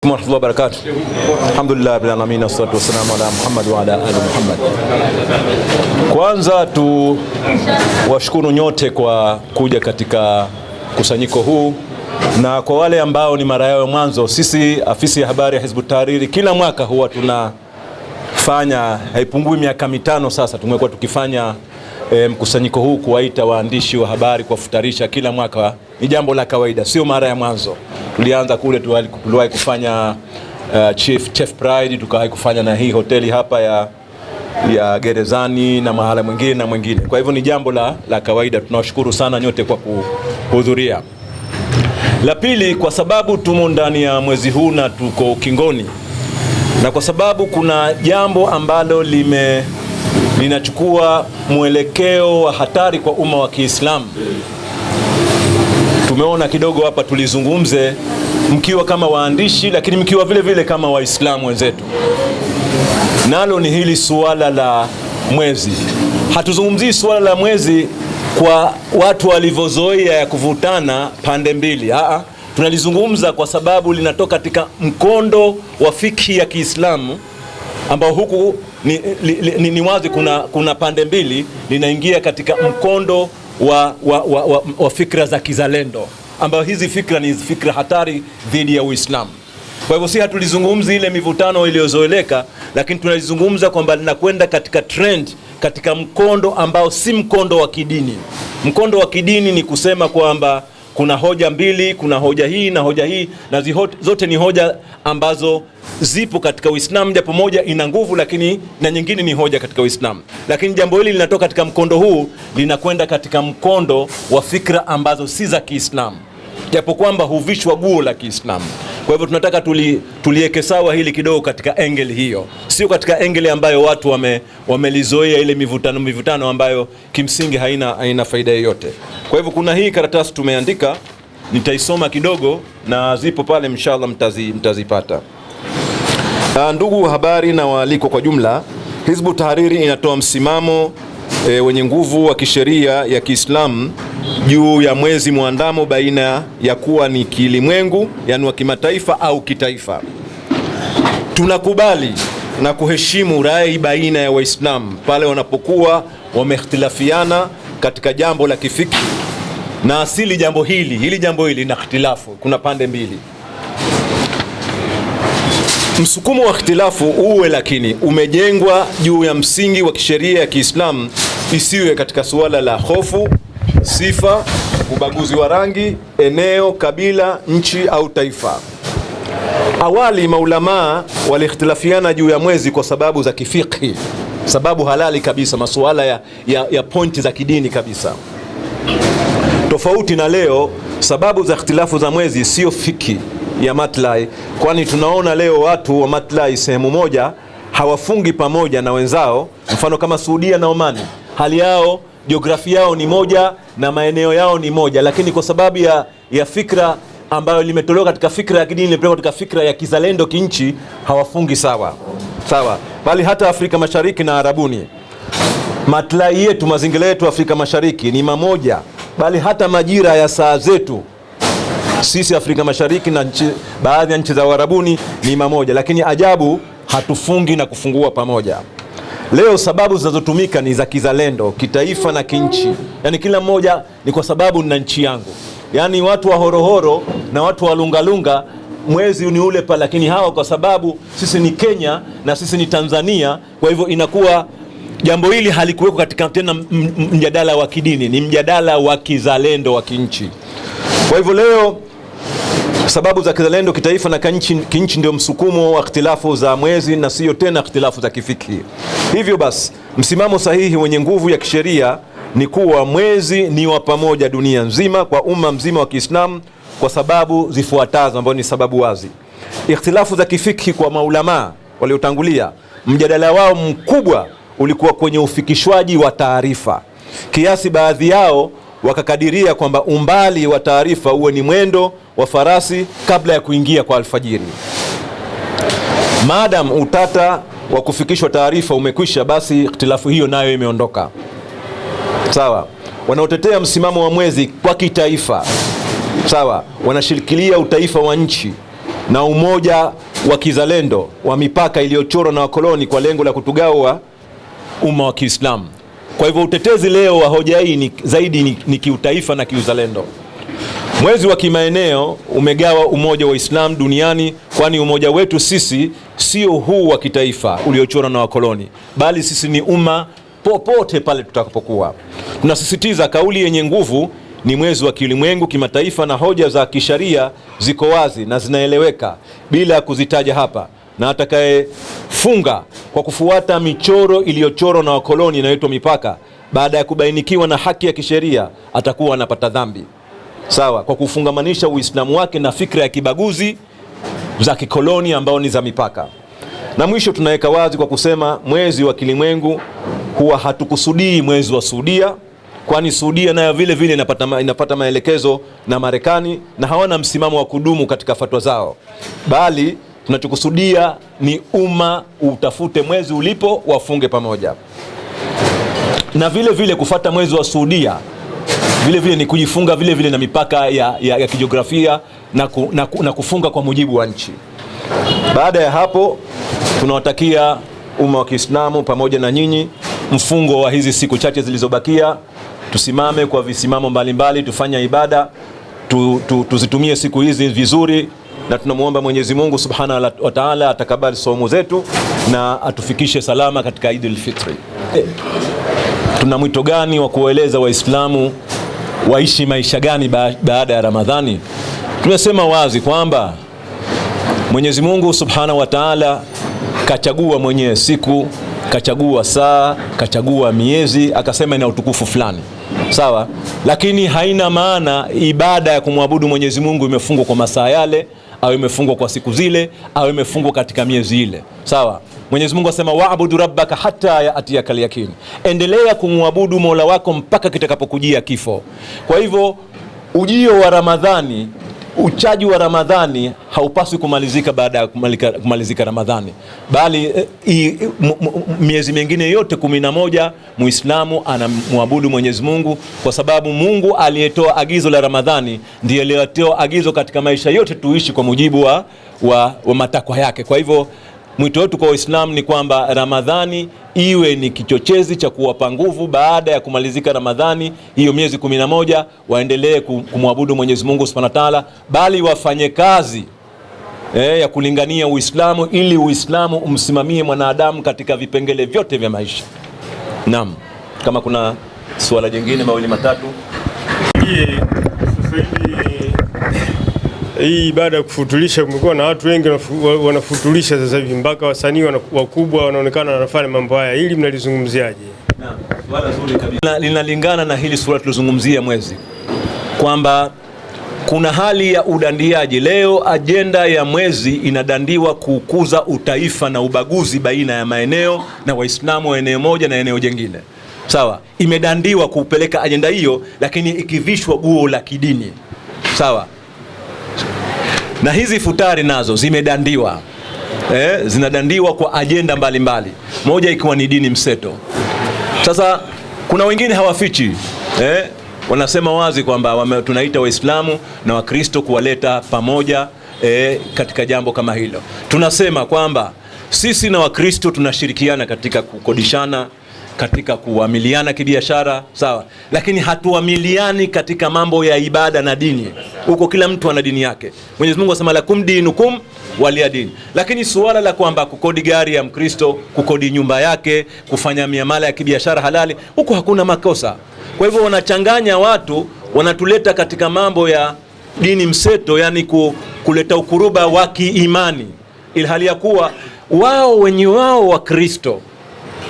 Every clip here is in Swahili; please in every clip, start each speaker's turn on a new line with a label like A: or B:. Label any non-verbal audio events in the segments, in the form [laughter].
A: Warahmatullahi wabarakatuh. Alhamdulillah bil alamin wassalatu wassalamu ala Muhammad wa ala ali Muhammad. Kwanza tu washukuru nyote kwa kuja katika kusanyiko huu na kwa wale ambao ni mara yao mwanzo, sisi afisi ya habari ya Hizbut Tahrir kila mwaka huwa tunafanya, haipungui miaka mitano sasa tumekuwa tukifanya e, mkusanyiko huu kuwaita waandishi wa habari kuwafutarisha kila mwaka ni jambo la kawaida, sio mara ya mwanzo. Tulianza kule, tuliwahi kufanya uh, Chief, Chef Pride, tukawahi kufanya na hii hoteli hapa ya ya gerezani na mahala mwingine na mwingine. Kwa hivyo ni jambo la, la kawaida. Tunawashukuru sana nyote kwa kuhudhuria. La pili, kwa sababu tumo ndani ya mwezi huu na tuko ukingoni, na kwa sababu kuna jambo ambalo lime linachukua mwelekeo wa hatari kwa umma wa Kiislamu. Tumeona kidogo hapa tulizungumze, mkiwa kama waandishi, lakini mkiwa vile vile kama Waislamu wenzetu, nalo ni hili suala la mwezi. Hatuzungumzii suala la mwezi kwa watu walivyozoea ya kuvutana pande mbili, aa, tunalizungumza kwa sababu linatoka katika mkondo wa fikhi ya Kiislamu ambao huku ni, li, li, ni wazi kuna, kuna pande mbili linaingia katika mkondo wa, wa, wa, wa, wa fikra za kizalendo ambayo hizi fikra ni fikra hatari dhidi ya Uislamu. Kwa hivyo si hatulizungumzi ile mivutano iliyozoeleka, lakini tunalizungumza kwamba linakwenda katika trend, katika mkondo ambao si mkondo wa kidini. Mkondo wa kidini ni kusema kwamba kuna hoja mbili, kuna hoja hii na hoja hii, na zote ni hoja ambazo zipo katika Uislamu, japo moja ina nguvu, lakini na nyingine ni hoja katika Uislamu. Lakini jambo hili linatoka katika mkondo huu linakwenda katika mkondo wa fikra ambazo si za Kiislamu, japo kwamba huvishwa guo la Kiislamu. Kwa hivyo tunataka tulieke sawa hili kidogo katika engeli hiyo, sio katika engeli ambayo watu wame, wamelizoea ile mivutano mivutano ambayo kimsingi haina, haina faida yoyote. Kwa hivyo kuna hii karatasi tumeandika, nitaisoma kidogo na zipo pale, inshallah mtazi, mtazipata. Ah, ndugu habari na waalikwa kwa jumla, Hizbu Tahariri inatoa msimamo e, wenye nguvu wa kisheria ya Kiislamu juu ya mwezi mwandamo baina ya kuwa ni kilimwengu, yani wa kimataifa au kitaifa. Tunakubali na kuheshimu rai baina ya Waislamu pale wanapokuwa wamehtilafiana katika jambo la kifiki na asili jambo hili hili jambo hili na ikhtilafu, kuna pande mbili. Msukumo wa ikhtilafu uwe lakini umejengwa juu ya msingi wa kisheria ya Kiislamu, isiwe katika suala la hofu sifa, ubaguzi wa rangi, eneo, kabila, nchi au taifa. Awali maulamaa waliikhtilafiana juu ya mwezi kwa sababu za kifikhi, sababu halali kabisa, masuala ya, ya, ya pointi za kidini kabisa, tofauti na leo. Sababu za ikhtilafu za mwezi sio fiki ya matlai, kwani tunaona leo watu wa matlai sehemu moja hawafungi pamoja na wenzao, mfano kama Saudia na Omani, hali yao jiografia yao ni moja na maeneo yao ni moja, lakini kwa sababu ya, ya fikra ambayo limetolewa katika fikra ya kidini limepelekwa katika fikra ya kizalendo kinchi, hawafungi sawa sawa, bali hata Afrika Mashariki na Arabuni. Matlai yetu mazingira yetu Afrika Mashariki ni mamoja, bali hata majira ya saa zetu sisi Afrika Mashariki na nchi, baadhi ya nchi za uharabuni ni mamoja, lakini ajabu hatufungi na kufungua pamoja. Leo sababu zinazotumika ni za kizalendo, kitaifa na kinchi, yaani kila mmoja ni kwa sababu nina nchi yangu. Yaani watu wa horohoro na watu wa lungalunga mwezi ni ule pa, lakini hawa kwa sababu sisi ni Kenya na sisi ni Tanzania, kwa hivyo inakuwa jambo hili halikuwekwa katika tena mjadala wa kidini, ni mjadala wa kizalendo wa kinchi. Kwa hivyo leo sababu za kizalendo, kitaifa na kinchi, kinchi ndio msukumo wa ikhtilafu za mwezi na sio tena ikhtilafu za kifikhi. Hivyo basi msimamo sahihi wenye nguvu ya kisheria ni kuwa mwezi ni wa pamoja dunia nzima kwa umma mzima wa Kiislamu kwa sababu zifuatazo, ambazo ni sababu wazi. Ikhtilafu za kifiki kwa maulamaa waliotangulia, mjadala wao mkubwa ulikuwa kwenye ufikishwaji wa taarifa, kiasi baadhi yao wakakadiria kwamba umbali wa taarifa uwe ni mwendo wa farasi kabla ya kuingia kwa alfajiri. Maadam utata wa kufikishwa taarifa umekwisha, basi ikhtilafu hiyo nayo imeondoka. Sawa. Wanaotetea msimamo wa mwezi kwa kitaifa, sawa, wanashirikilia utaifa wa nchi na umoja wa kizalendo wa mipaka iliyochorwa na wakoloni kwa lengo la kutugawa umma wa Kiislamu. Kwa hivyo utetezi leo wa hoja hii ni zaidi ni, ni kiutaifa na kiuzalendo. Mwezi wa kimaeneo umegawa umoja wa Islam duniani, kwani umoja wetu sisi sio huu wa kitaifa uliochorwa na wakoloni, bali sisi ni umma popote pale tutakapokuwa. Tunasisitiza kauli yenye nguvu ni mwezi wa kiulimwengu kimataifa, na hoja za kisharia ziko wazi na zinaeleweka bila ya kuzitaja hapa, na atakayefunga kwa kufuata michoro iliyochorwa na wakoloni inayoitwa mipaka, baada ya kubainikiwa na haki ya kisheria, atakuwa anapata dhambi sawa, kwa kufungamanisha Uislamu wake na fikra ya kibaguzi za kikoloni ambao ni za mipaka. Na mwisho tunaweka wazi kwa kusema mwezi wa kilimwengu huwa hatukusudii mwezi wa Saudia, kwani Saudia nayo vile vile inapata, inapata maelekezo na Marekani na hawana msimamo wa kudumu katika fatwa zao, bali tunachokusudia ni umma utafute mwezi ulipo, wafunge pamoja na vile vile kufata mwezi wa Saudia. Vile vile ni kujifunga vile vile na mipaka ya, ya, ya kijiografia na, ku, na, ku, na kufunga kwa mujibu wa nchi. Baada ya hapo, tunawatakia umma wa Kiislamu pamoja na nyinyi mfungo wa hizi siku chache zilizobakia, tusimame kwa visimamo mbalimbali, tufanye ibada tu, tu, tuzitumie siku hizi vizuri, na tunamwomba Mwenyezi Mungu Subhanahu wa Ta'ala atakabali somo zetu na atufikishe salama katika al-Fitr. Eh, tuna mwito gani wa kueleza Waislamu waishi maisha gani baada ya Ramadhani? Tumesema wazi kwamba Mwenyezi Mungu Subhanahu wa Ta'ala kachagua mwenyewe siku, kachagua saa, kachagua miezi, akasema ina utukufu fulani sawa, lakini haina maana ibada ya kumwabudu Mwenyezi Mungu imefungwa kwa masaa yale au imefungwa kwa siku zile au imefungwa katika miezi ile, sawa. Mwenyezi Mungu asema waabudu rabbaka hata yaatiyakal lyakini endelea kumwabudu mola wako mpaka kitakapokujia kifo. Kwa hivyo ujio wa Ramadhani uchaji wa Ramadhani haupaswi kumalizika baada ya kumalizika Ramadhani, bali eh, miezi mingine yote kumi na moja Muislamu anamwabudu Mwenyezi Mungu, kwa sababu Mungu aliyetoa agizo la Ramadhani ndiye aliyetoa agizo katika maisha yote tuishi kwa mujibu wa, wa, wa matakwa yake. Kwa hivyo Mwito wetu kwa Waislamu ni kwamba Ramadhani iwe ni kichochezi cha kuwapa nguvu. Baada ya kumalizika Ramadhani, hiyo miezi kumi na moja, waendelee kumwabudu Mwenyezi Mungu Subhanahu wa Ta'ala, bali wafanye kazi E, ya kulingania Uislamu ili Uislamu umsimamie mwanadamu katika vipengele vyote vya maisha. Naam, kama kuna suala jingine mawili matatu. sasa
B: hivi hii ibada ya kufutulisha, kumekuwa na watu wengi wanafutulisha sasa hivi, mpaka wasanii wakubwa wanaonekana wanafanya mambo haya. Hili mnalizungumziaje?
A: Linalingana na hili sura tulizungumzia mwezi kwamba kuna hali ya udandiaji. Leo ajenda ya mwezi inadandiwa kukuza utaifa na ubaguzi baina ya maeneo na Waislamu wa eneo moja na eneo jingine, sawa. Imedandiwa kupeleka ajenda hiyo, lakini ikivishwa guo la kidini, sawa na hizi futari nazo zimedandiwa eh, zinadandiwa kwa ajenda mbalimbali mbali. Moja ikiwa ni dini mseto. Sasa kuna wengine hawafichi eh, wanasema wazi kwamba tunaita Waislamu na Wakristo kuwaleta pamoja eh, katika jambo kama hilo. Tunasema kwamba sisi na Wakristo tunashirikiana katika kukodishana katika kuamiliana kibiashara, sawa, lakini hatuamiliani katika mambo ya ibada na dini. Huko kila mtu ana dini yake. Mwenyezi Mungu asema lakum dinukum walia dini, lakini suala la kwamba kukodi gari ya Mkristo, kukodi nyumba yake, kufanya miamala ya kibiashara halali, huko hakuna makosa. Kwa hivyo wanachanganya watu, wanatuleta katika mambo ya dini mseto, yani kuleta ukuruba wa kiimani, ilhali ya kuwa wao wenye wao kristo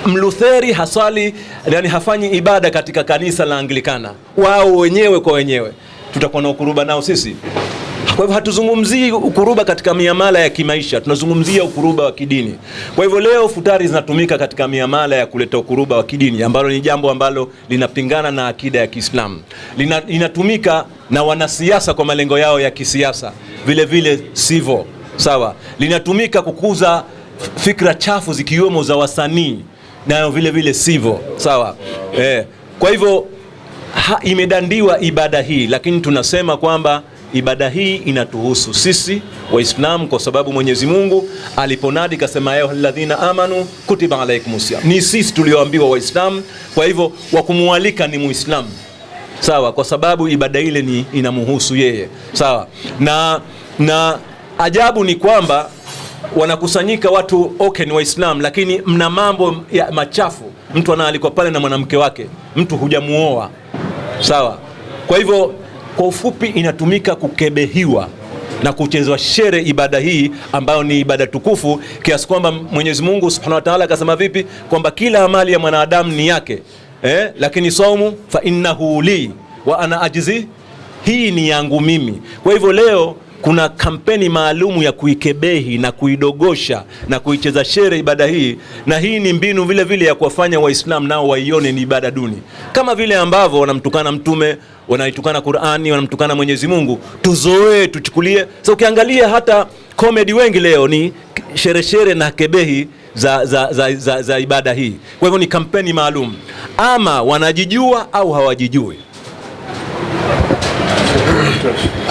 A: Mlutheri haswali, yani hafanyi ibada katika kanisa la Anglikana, wao wenyewe kwa wenyewe, tutakuwa na ukuruba nao sisi. Kwa hivyo hatuzungumzii ukuruba katika miamala ya kimaisha, tunazungumzia ukuruba wa kidini. Kwa hivyo leo futari zinatumika katika miamala ya kuleta ukuruba wa kidini, ambalo ni jambo ambalo linapingana na akida ya Kiislamu. Linatumika na wanasiasa kwa malengo yao ya kisiasa, vile vile sivyo sawa. Linatumika kukuza fikra chafu zikiwemo za wasanii nayo vile vile sivyo sawa. Eh, kwa hivyo imedandiwa ibada hii, lakini tunasema kwamba ibada hii inatuhusu sisi Waislamu kwa sababu Mwenyezi Mungu aliponadi kasema, ya alladhina amanu kutiba alaikumus siyam, ni sisi tulioambiwa Waislamu. Kwa hivyo wa kumwalika ni Muislamu sawa, kwa sababu ibada ile ni inamuhusu yeye sawa. Na, na ajabu ni kwamba wanakusanyika watu okay, ni waislam lakini mna mambo ya machafu. Mtu anaalikwa pale na mwanamke wake, mtu hujamuoa, sawa. Kwa hivyo, kwa ufupi, inatumika kukebehiwa na kuchezwa shere ibada hii ambayo ni ibada tukufu, kiasi kwamba Mwenyezi Mungu Subhanahu wa Ta'ala akasema vipi, kwamba kila amali ya mwanadamu ni yake eh, lakini saumu fa innahu li wa ana ajizi, hii ni yangu mimi. Kwa hivyo leo kuna kampeni maalumu ya kuikebehi na kuidogosha na kuicheza shere ibada hii, na hii ni mbinu vile vile ya kuwafanya Waislamu nao waione ni ibada duni, kama vile ambavyo wanamtukana Mtume, wanaitukana Qur'ani, wanamtukana Mwenyezi Mungu. Tuzoee, tuchukulie. So ukiangalia hata komedi wengi leo ni shereshere na kebehi za, za, za, za, za ibada hii. Kwa hivyo ni kampeni maalum, ama wanajijua au hawajijui.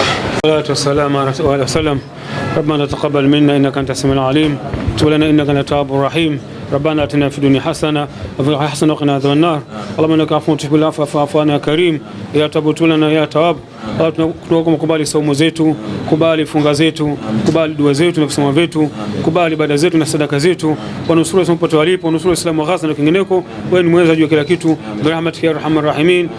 C: [coughs] salatu wassalamu ala wasallam rabbana taqabbal minna innaka anta samiul alim tub lana innaka anta tawwabur rahim rabbana atina fid dunya hasana wa fil akhirati hasana wa qina adhaban nar allahumma innaka afuwun tuhibbul afwa fa'fu anna karim ya tabu lana ya tawwab tunakuomba kubali saumu zetu, kubali funga zetu, kubali dua zetu na kusoma vetu, kubali ibada zetu na sadaka zetu, wanusuru tunapotoa walipo, wanusuru Uislamu ghasa na kingineko, wewe ni mweza juu kila kitu, birahmatika ya arhamar rahimin